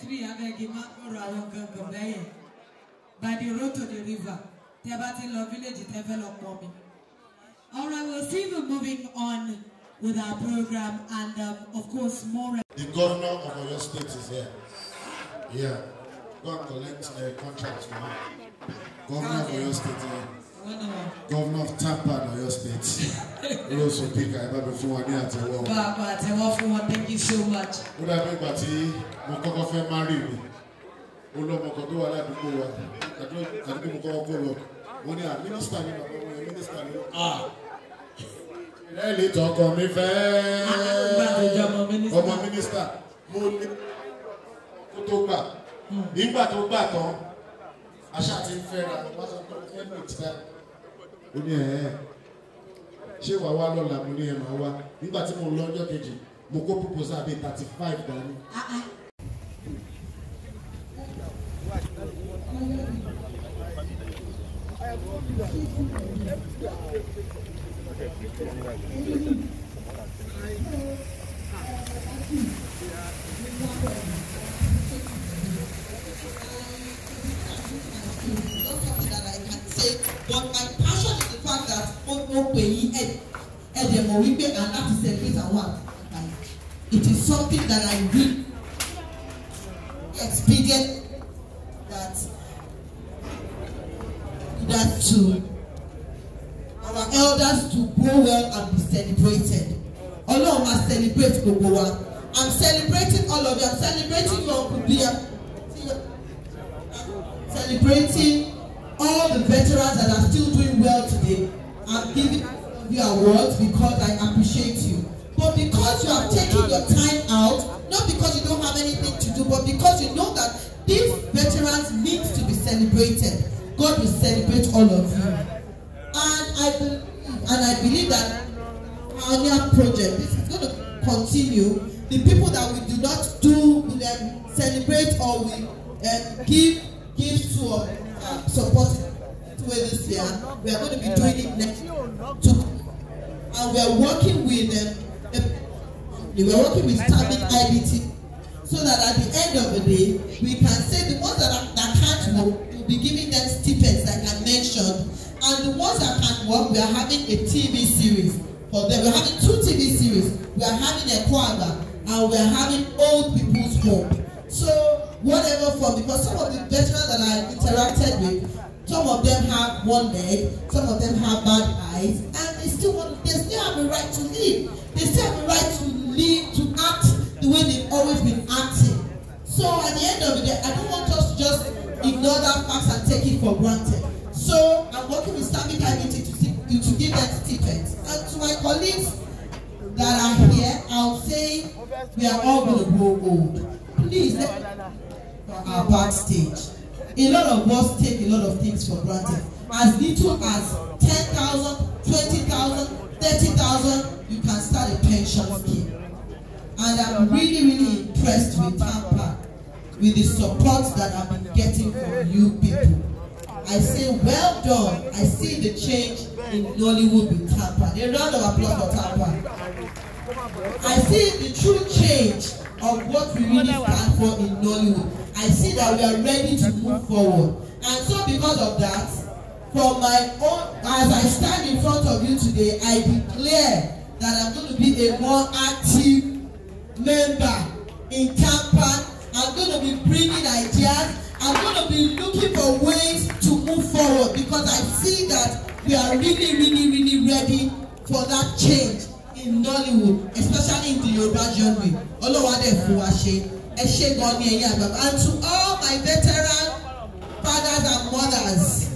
three, By the road to the river, tẹ́ bá ti village tẹ́ fẹ́ Alright, we'll see you moving on with our program and um, of course more. The governor of Oyo State is here. Yeah. Uh, contract for Governor of Oyo State is here. Governor of Tapa in Oyo State. Olóòsùn Pika ẹ bá mi fún wa ní àtẹ́wọ́. Bàbá àtẹ́wọ́ fún wọn thank you so much. Ó dàbí ìgbà tí mo kọ́kọ́ fẹ́ márì mi. Ó lọ ọmọkàn tó wà ládùúgbò wa. Àdúgbò mo kọ́kọ́ kó lọ. Mo ní à ah, mínísítà ni bàbá wọn yẹn mínísítà ni à. Ah! Lẹ́ẹ̀lì tọkọ mi fẹ́. Ọmọ mínísítà. Mo ní kó tó gbà. Hmm. Nígbà tó gbà tán, aṣáà ti ń fẹ́ra. Wọ́n sọ pé ó fẹ́ lò tí ó ní ẹ̀ ẹ́ ṣé wàá wá lọ́la mo ní ẹ̀ máa wá nígbà tí mo lọ ọjọ́ kejì mo kó proposal àbí thirty five dání. Thank ah, ah. you. mo pè yín ẹ ẹ dẹ̀ mọ̀ wípé à láti celebrate àwọn àgbà it is something that I really experience that that to our elders to grow well and be celebrated ọlọ́run máa celebrate gbogbo wa I'm celebrating all of you I'm celebrating your uncle bia celebrating all the veterans that are still doing well today. I'm giving you awards because I appreciate you. But because you have taken your time out, not because you don't have anything to do, but because you know that these veterans need to be celebrated. God will celebrate all of you. And I believe, and I believe that our Project, this is going to continue. The people that we do not do, will um, celebrate or we um, give, gifts to uh, support February this year. We are going to be doing it next October. And we are working with them. we are working with Stabic IDT so that at the end of the day, we can say the ones that, are, that can't work, we'll be giving them stipends like I mentioned. And the ones that can't work, we are having a TV series for them. We're having two TV series. We are having a quagga and we are having old people's home. So whatever for, because some of the veterans that I interacted with, Some of them have one leg, some of them have bad eyes, and they still want, they still have a right to live. They still have a right to live, to act the way they've always been acting. So at the end of the day, I don't want us to just ignore that fact and take it for granted. So I'm working with Sami Community to, to give that statement, And to my colleagues that are here, I'll say we are all going to grow old. Please let our backstage a lot of us take a lot of things for granted as little as ten thousand twenty thousand thirty thousand you can start a pension scheme and i'm really really impressed with tampa with the support that i've been getting from you people i say well done i see the change in nollywood with tampa a round of applause for tampa i see the true change of what we really stand for in nollywood I see that we are ready to move forward. And so because of that, from my own, as I stand in front of you today, I declare that I'm going to be a more active member in Campan. I'm going to be bringing ideas. I'm going to be looking for ways to move forward because I see that we are really, really, really ready for that change in Nollywood, especially in the Yoruba genre. Olówádé fún wa ṣe. and to all my veteran fathers and mothers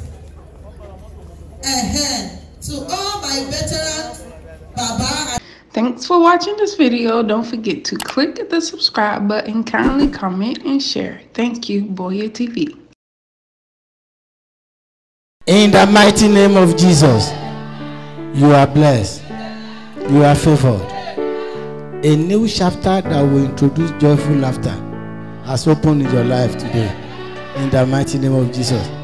to all my veteran baba Thanks for watching this video. Don't forget to click the subscribe button, kindly comment, and share. Thank you, Boya TV. In the mighty name of Jesus, you are blessed. You are favored. A new chapter that will introduce joyful laughter has opened in your life today. In the mighty name of Jesus.